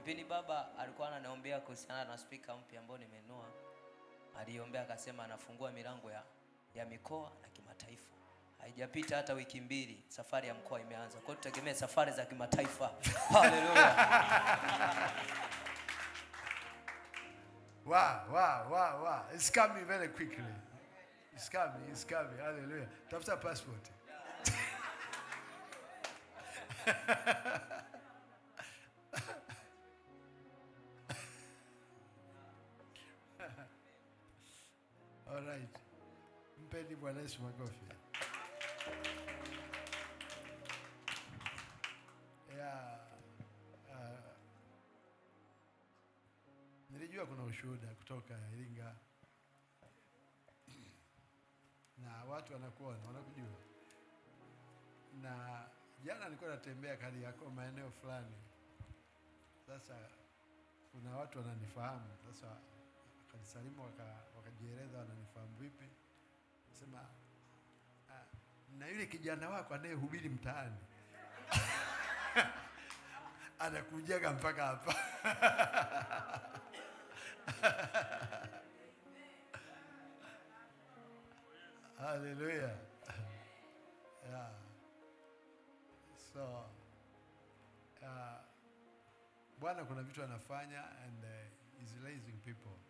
Kipindi baba alikuwa ananiombea kuhusiana na spika mpya ambayo nimenua, aliombea akasema anafungua milango ya, ya mikoa na kimataifa. Haijapita hata wiki mbili, safari ya mkoa imeanza. Kwa hiyo tutegemee safari za kimataifa. Haleluya! wow, wow, wow, wow. It's coming very quickly. It's coming, it's coming. Hallelujah. Tafuta passport. All right. Mpeni Bwana Yesu makofi. Yeah. Uh, nilijua kuna ushuhuda kutoka Iringa na watu wanakuona wanakujua, na jana nilikuwa natembea kali yako maeneo fulani, sasa kuna watu wananifahamu sasa Salimu wakajieleza waka wananifahamu vipi, sema ah, na yule kijana wako anayehubiri mtaani anakujaga mpaka hapa Haleluya. Yeah. So uh, Bwana kuna vitu anafanya and uh, is raising people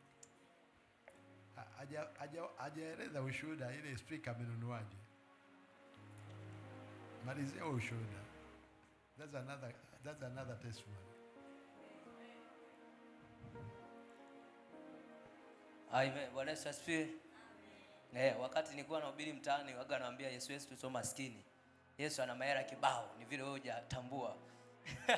hajaeleza ushuhuda, ile speaker amenunuaje? Malizia huo ushuhuda. That's another, that's another testimony. Amen. Bwana Yesu asifiwe. Eh, wakati nilikuwa nahubiri mtaani waga naambia Yesu Yesu sio maskini. Yesu ana mahera kibao, ni vile wewe hujatambua.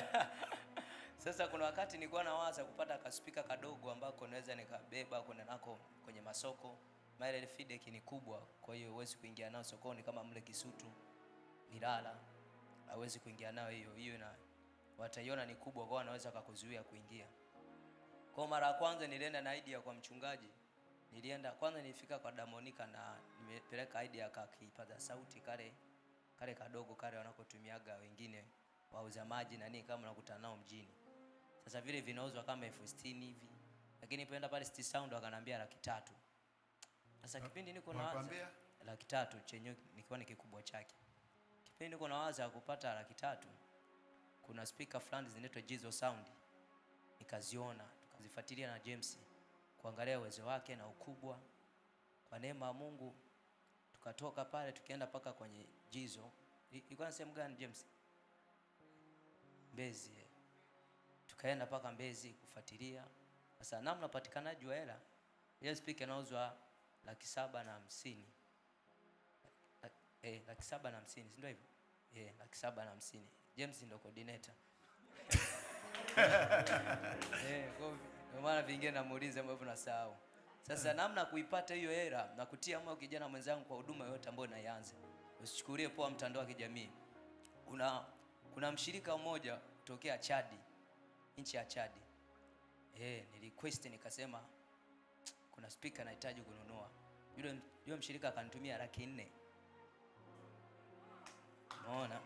Sasa kuna wakati nilikuwa nawaza kupata kaspika kadogo ambako naweza nikabeba kwenda nako kwenye masoko. Maana feedback ni kubwa, kwa hiyo huwezi kuingia nayo sokoni kama mle Kisutu Ilala, hawezi kuingia nayo hiyo hiyo, na wataiona ni kubwa, kwa wanaweza kukuzuia kuingia. Kwa mara ya kwanza nilienda na idea kwa mchungaji, nilienda kwanza, nilifika kwa Damonika na nimepeleka idea kwa kipaza sauti kale kale kadogo kale wanakotumiaga wengine wauza maji na nini, kama nakutana nao mjini sasa vile vinauzwa kama elfu sitini hivi, lakini poenda pale City Sound wakanambia laki tatu. Sasa kipindi niko nawaza laki tatu chenye nikiwa ni kikubwa chake, kipindi niko nawaza kupata laki tatu, kuna speaker fulani zinaitwa Jizo Sound nikaziona, tukazifuatilia na James kuangalia uwezo wake na ukubwa. Kwa neema ya Mungu tukatoka pale tukienda paka kwenye Jizo. Ilikuwa sehemu gani James? Mbezi. Eh. Nikaenda mpaka Mbezi kufuatilia. Sasa namna upatikanaji wa hela, ile spika inauzwa laki saba na hamsini eh, laki saba na hamsini si ndio hivyo? Eh, laki saba na hamsini James ndio coordinator eh, kwa maana vingine namuuliza ambavyo nasahau. Sasa eh. namna kuipata hiyo hela na kutia moyo kijana mwenzangu kwa huduma yoyote ambayo naianza, usichukulie poa mtandao wa kijamii. Kuna kuna mshirika mmoja tokea Chadi nchi ya Chadi. Eh, niliquest nikasema kuna speaker nahitaji kununua. Yule yule mshirika akanitumia laki nne. Unaona?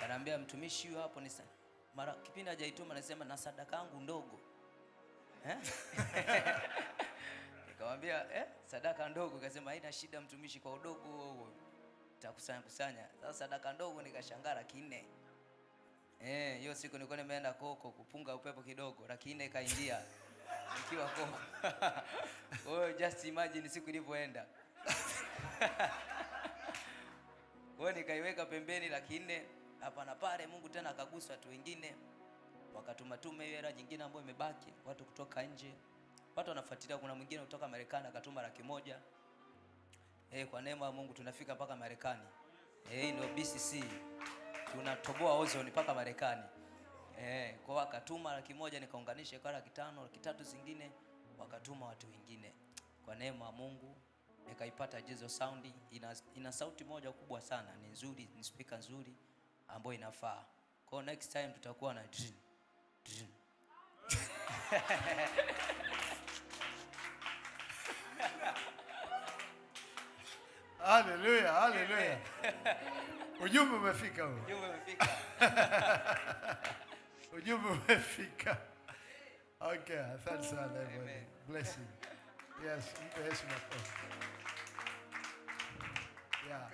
Kanaambia mtumishi huyo hapo ni Mara kipindi hajaituma nasema na sadaka yangu ndogo. Eh? Nikamwambia eh, sadaka ndogo kasema haina shida mtumishi, kwa udogo takusanya kusanya. Sasa sadaka ndogo nikashangaa laki nne. Eh, hiyo siku nilikuwa nimeenda Koko kupunga upepo kidogo, lakini nne nikiwa Koko. Oh, just imagine siku ilivyoenda. Kwa nikaiweka pembeni lakini hapa na pale, Mungu tena akagusa watu wengine tume hiyo hela nyingine ambayo imebaki, watu kutoka nje, watu wanafuatilia. Kuna mwingine kutoka Marekani akatuma laki moja. Eh, kwa neema ya Mungu tunafika mpaka Marekani. Eh, ndio BCC muziki unatoboa ozoni mpaka Marekani. Eh, kwa wakatuma laki moja nikaunganisha kwa laki tano, laki tatu zingine wakatuma watu wengine. Kwa neema ya Mungu nikaipata Jezo Sound. Ina, ina sauti moja kubwa sana, ni nzuri, ni speaker nzuri ambayo inafaa. Kwa next time tutakuwa na dream. Dream. Haleluya, haleluya. Ujumbe umefika huo. Ujumbe umefika. Ujumbe umefika. Okay, asante sana. everybody. Bless you. Yes, mpe heshima. Yeah.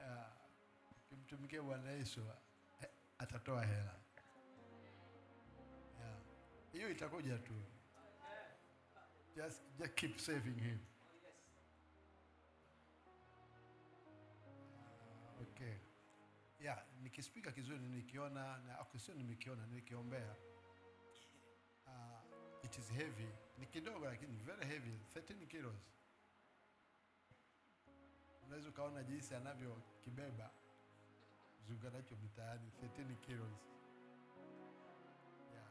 Yeah. Kimtumikie Bwana Yesu atatoa hela. Yeah. Hiyo itakuja tu. Just, just keep saving him. Okay. Yeah, nikispika kizuri nikiona na akusio nimekiona nikiombea. Uh, it is heavy. Ni kidogo lakini very heavy, 13 kilos. Unaweza ukaona jinsi anavyokibeba zunguka nacho mitaani 13 kilos. Yeah.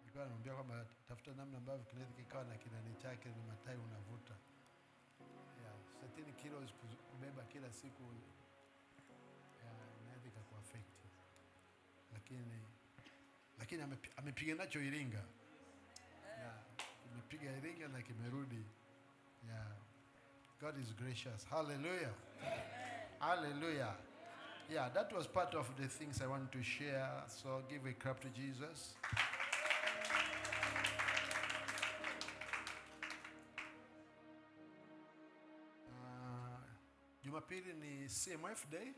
Nilikuwa namwambia kwamba tafuta namna ambavyo kinaweza kikawa na kinani chake na matai unavuta. Yeah, 13 kilos kubeba kila siku lakini lakini amepiga nacho Iringa eh. yeah. Kimepiga Iringa na kimerudi yeah. God is gracious. Hallelujah. Amen. Hallelujah. Yeah, that was part of the things I want to share. So give a clap to Jesus. Uh, Jumapili uh, ni CMF day.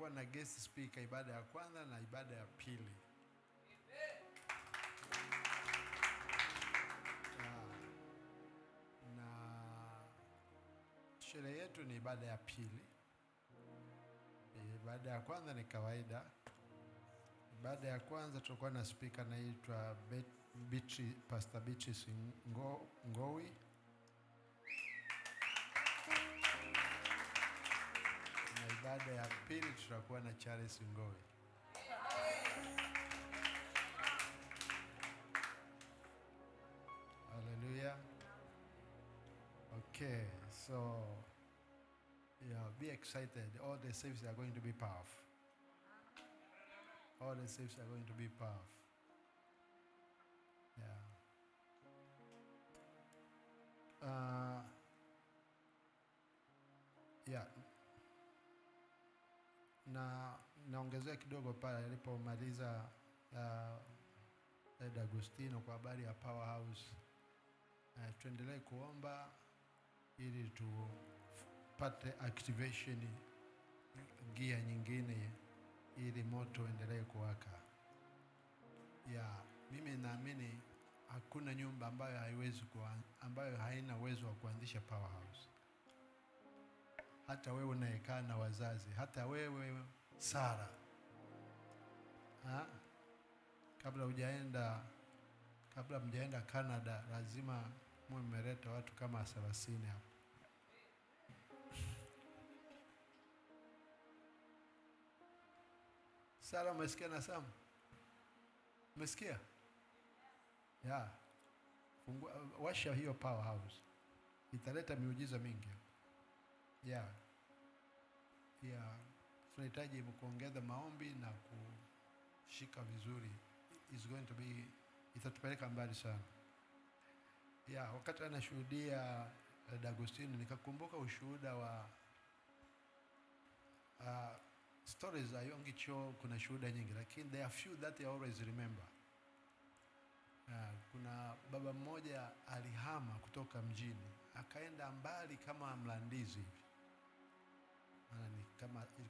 tutakuwa na guest speaker ibada ya kwanza na ibada ya pili. Na, ah, na sherehe yetu ni ibada ya pili. Ibada ya kwanza ni kawaida. Ibada ya kwanza tutakuwa na speaker anaitwa Pastor Beatrice Ngowi baada ya pili tutakuwa na Charles Ngowe. Haleluya. Okay, so yeah, be excited. All the services are going to be powerful. All the saves are going to be powerful. Yeah. Uh, yeah, na naongezea kidogo pale alipomaliza uh, Ed Agostino kwa habari ya Powerhouse. Uh, tuendelee kuomba ili tupate activation gia nyingine ili moto uendelee kuwaka. Ya mimi naamini hakuna nyumba ambayo haiwezi ambayo haina uwezo wa kuanzisha Powerhouse hata wewe unayekaa na wazazi, hata wewe Sara, ha? kabla hujaenda kabla mjaenda Canada, lazima mwe mmeleta watu kama thelathini hapo. Sara, umesikia na Sam? Umesikia? Yeah. Fungua, washa hiyo powerhouse. Italeta miujiza mingi pia tunahitaji kuongeza maombi na kushika vizuri, is going to be itatupeleka mbali sana. Yeah, wakati anashuhudia dada Agostino nikakumbuka ushuhuda wa uh, stories za Yonggi Cho. Kuna shuhuda nyingi, lakini there are few that I always remember. Uh, kuna baba mmoja alihama kutoka mjini akaenda mbali kama Mlandizi hivi maana ni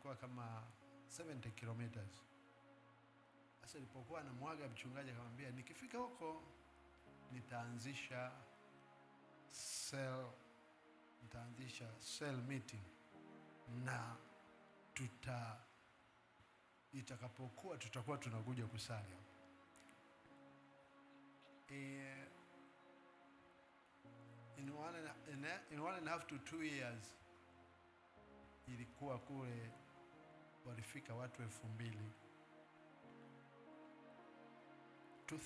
ilikuwa kama 70 kilometers. Sasa ilipokuwa mwaga mchungaji akamwambia, nikifika huko nitaanzisha cell, nitaanzisha cell meeting na tuta itakapokuwa tutakuwa tunakuja kusali hapo. E, eh, in one and, in one and a half to two years ilikuwa kule walifika watu elfu mbili 2000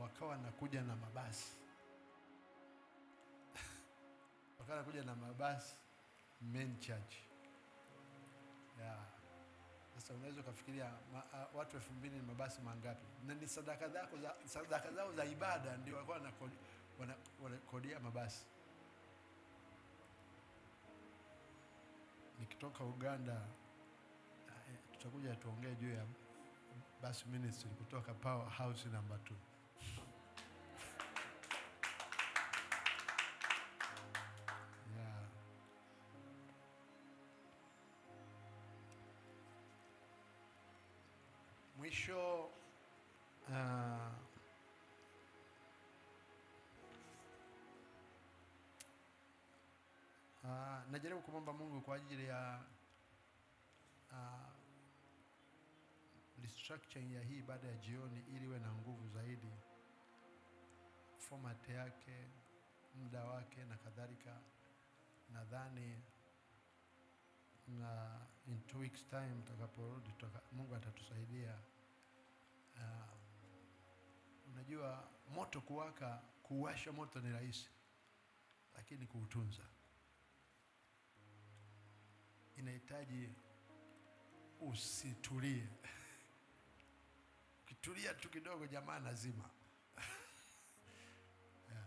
wakawa nakuja na mabasi wakawa nakuja na mabasi main church ya Sasa unaweza ukafikiria watu elfu mbili ni mabasi mangapi? Na ni sadaka zao za ibada ndio walikuwa wanakodia mabasi. nikitoka Uganda eh, tutakuja tuongee juu ya bus ministry kutoka Power House namba 2. kumwomba Mungu kwa ajili ya uh, restructuring ya hii baada ya jioni, ili iwe na nguvu zaidi, format yake, muda wake na kadhalika. Nadhani na in two weeks time tutakaporudi, Mungu atatusaidia. Uh, unajua moto kuwaka, kuwasha moto ni rahisi, lakini kuutunza inahitaji usitulie. Ukitulia tu kidogo, jamaa lazima yeah.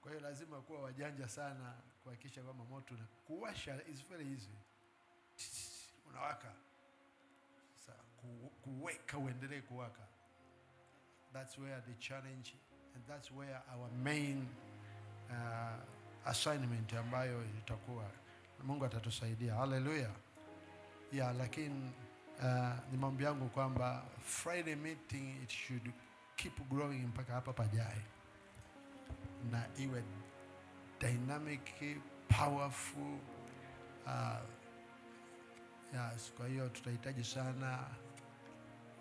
Kwa hiyo lazima kuwa wajanja sana kuhakikisha kwamba moto na kuwasha is very easy, unawaka sasa, kuweka uendelee kuwaka. That's where the challenge and that's where our main uh, assignment ambayo itakuwa Mungu atatusaidia. Haleluya. Yeah, lakini uh, ni maombi yangu kwamba Friday meeting it should keep growing mpaka hapa pajae, na iwe dynamic powerful uh, yes, kwa hiyo tutahitaji sana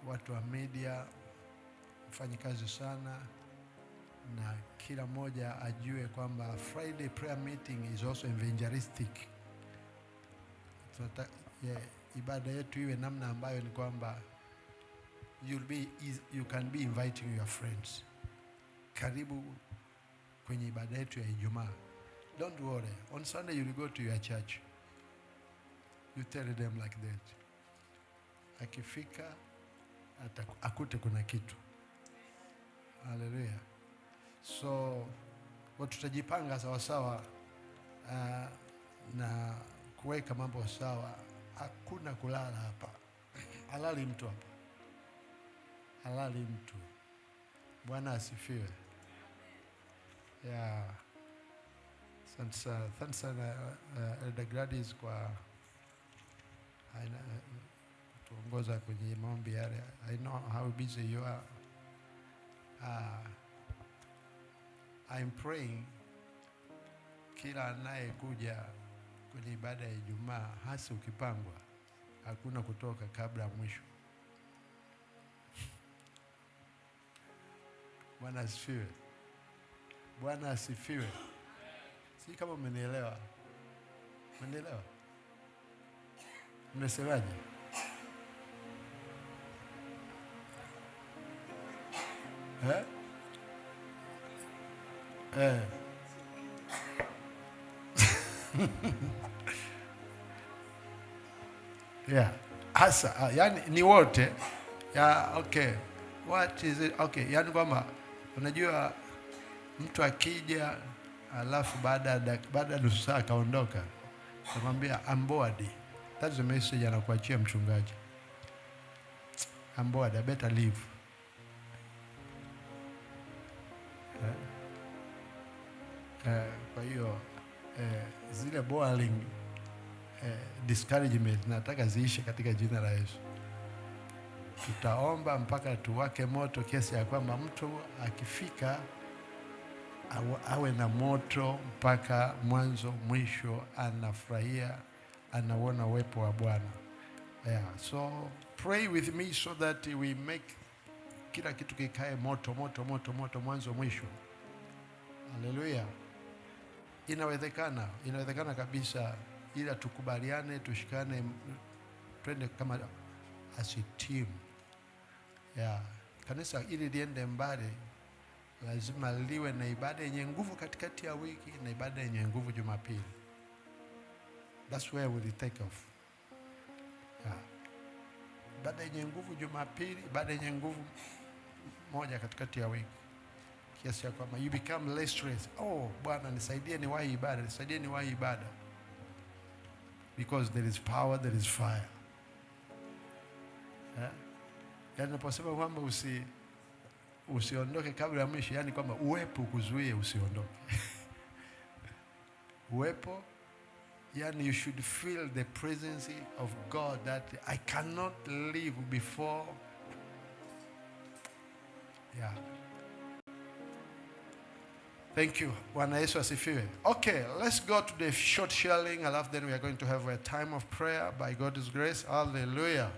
watu wa media mfanye kazi sana na kila mmoja ajue kwamba Friday prayer meeting is also evangelistic tunata, yeah, ibada yetu iwe namna ambayo ni kwamba you'll be, you can be inviting your friends. Karibu kwenye ibada yetu ya Ijumaa. Don't worry. On Sunday you'll go to your church. You tell them like that. Akifika ataku, akute kuna kitu. Haleluya. So tutajipanga sawasawa uh, na kuweka mambo sawa. Hakuna kulala hapa, halali mtu hapa, halali mtu. Bwana asifiwe. Yeah. Asante sana, asante sana uh, Elder Gladys kwa kutuongoza kwenye maombi yale. I know how busy you are. Uh, I'm praying kila anayekuja kwenye ibada ya Ijumaa hasa ukipangwa, hakuna kutoka kabla ya mwisho. Bwana asifiwe! Bwana asifiwe! si kama mmenielewa. Mmenielewa? Mmesemaje? Eh? Eh. yeah. Hasa ah, yani ni wote ya, okay. What is it? Okay, yani kwamba unajua mtu akija alafu baada baada nusu saa akaondoka, namwambia I'm bored. That's the message anakuachia mchungaji. I'm bored, I better leave. Uh, uh, kwa hiyo eh, zile boring eh, discouragement nataka ziishe katika jina la Yesu. Tutaomba mpaka tuwake moto kiasi ya kwamba mtu akifika awe, awe na moto mpaka mwanzo mwisho, anafurahia anauona uwepo wa Bwana. Yeah, so pray with me so that we make kila kitu kikae moto moto moto moto mwanzo mwisho. Haleluya. Inawezekana, inawezekana kabisa, ila tukubaliane, tushikane, twende kama as a team ya Kanisa ili liende mbali lazima liwe na ibada yenye nguvu katikati ya wiki na ibada yenye nguvu Jumapili. That's where we take off Ibada yenye nguvu Jumapili, ibada yenye nguvu moja katikati ya wiki kiasi ya kwamba you become less stressed. Oh Bwana nisaidie niwahi ibada, nisaidie niwahi ibada, because there is power, there is fire eh? Yaani naposema kwamba usi usiondoke kabla ya mwisho, yani kwamba uwepo ukuzuie usiondoke uwepo Yani, you should feel the presence of God that I cannot live before. Yeah. Thank you. Bwana Yesu asifiwe. Okay, let's go to the short sharing. After then we are going to have a time of prayer by God's grace. Hallelujah.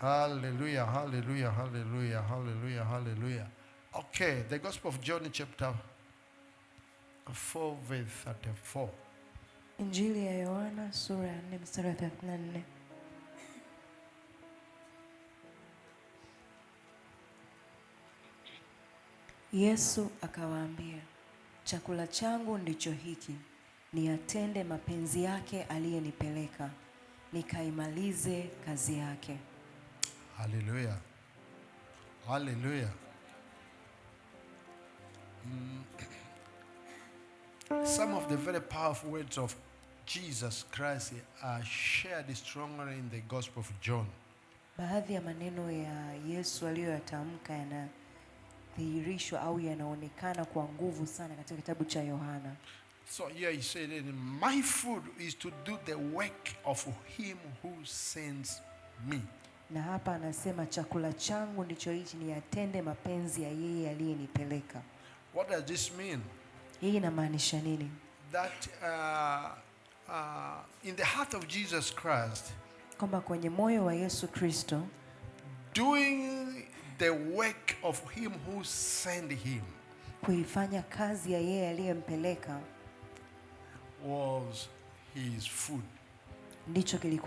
Hallelujah. Hallelujah. Hallelujah. Hallelujah. Hallelujah. Okay, the Gospel of John chapter 4 verse 34. Injili ya Yohana sura ya 4 mstari wa 34. Yesu akawaambia, chakula changu ndicho hiki, niyatende mapenzi yake aliyenipeleka, nikaimalize kazi yake. Haleluya, haleluya. Mm. Some of the very powerful words of Jesus Christ are shared strongly in the Gospel of John. Baadhi ya maneno ya Yesu aliyoyatamka yana yanadhihirishwa au yanaonekana kwa nguvu sana katika kitabu cha Yohana. So here he said my food is to do the work of him who sends me. Na hapa anasema chakula changu ndicho hichi, ni yatende mapenzi ya yeye aliyenipeleka. What does this mean? Hii inamaanisha nini? That uh, uh, in the heart of Jesus Christ, kwamba kwenye moyo wa Yesu Kristo doing the work of him who sent him kuifanya kazi ya yeye aliyempeleka was his food ndicho kilikuwa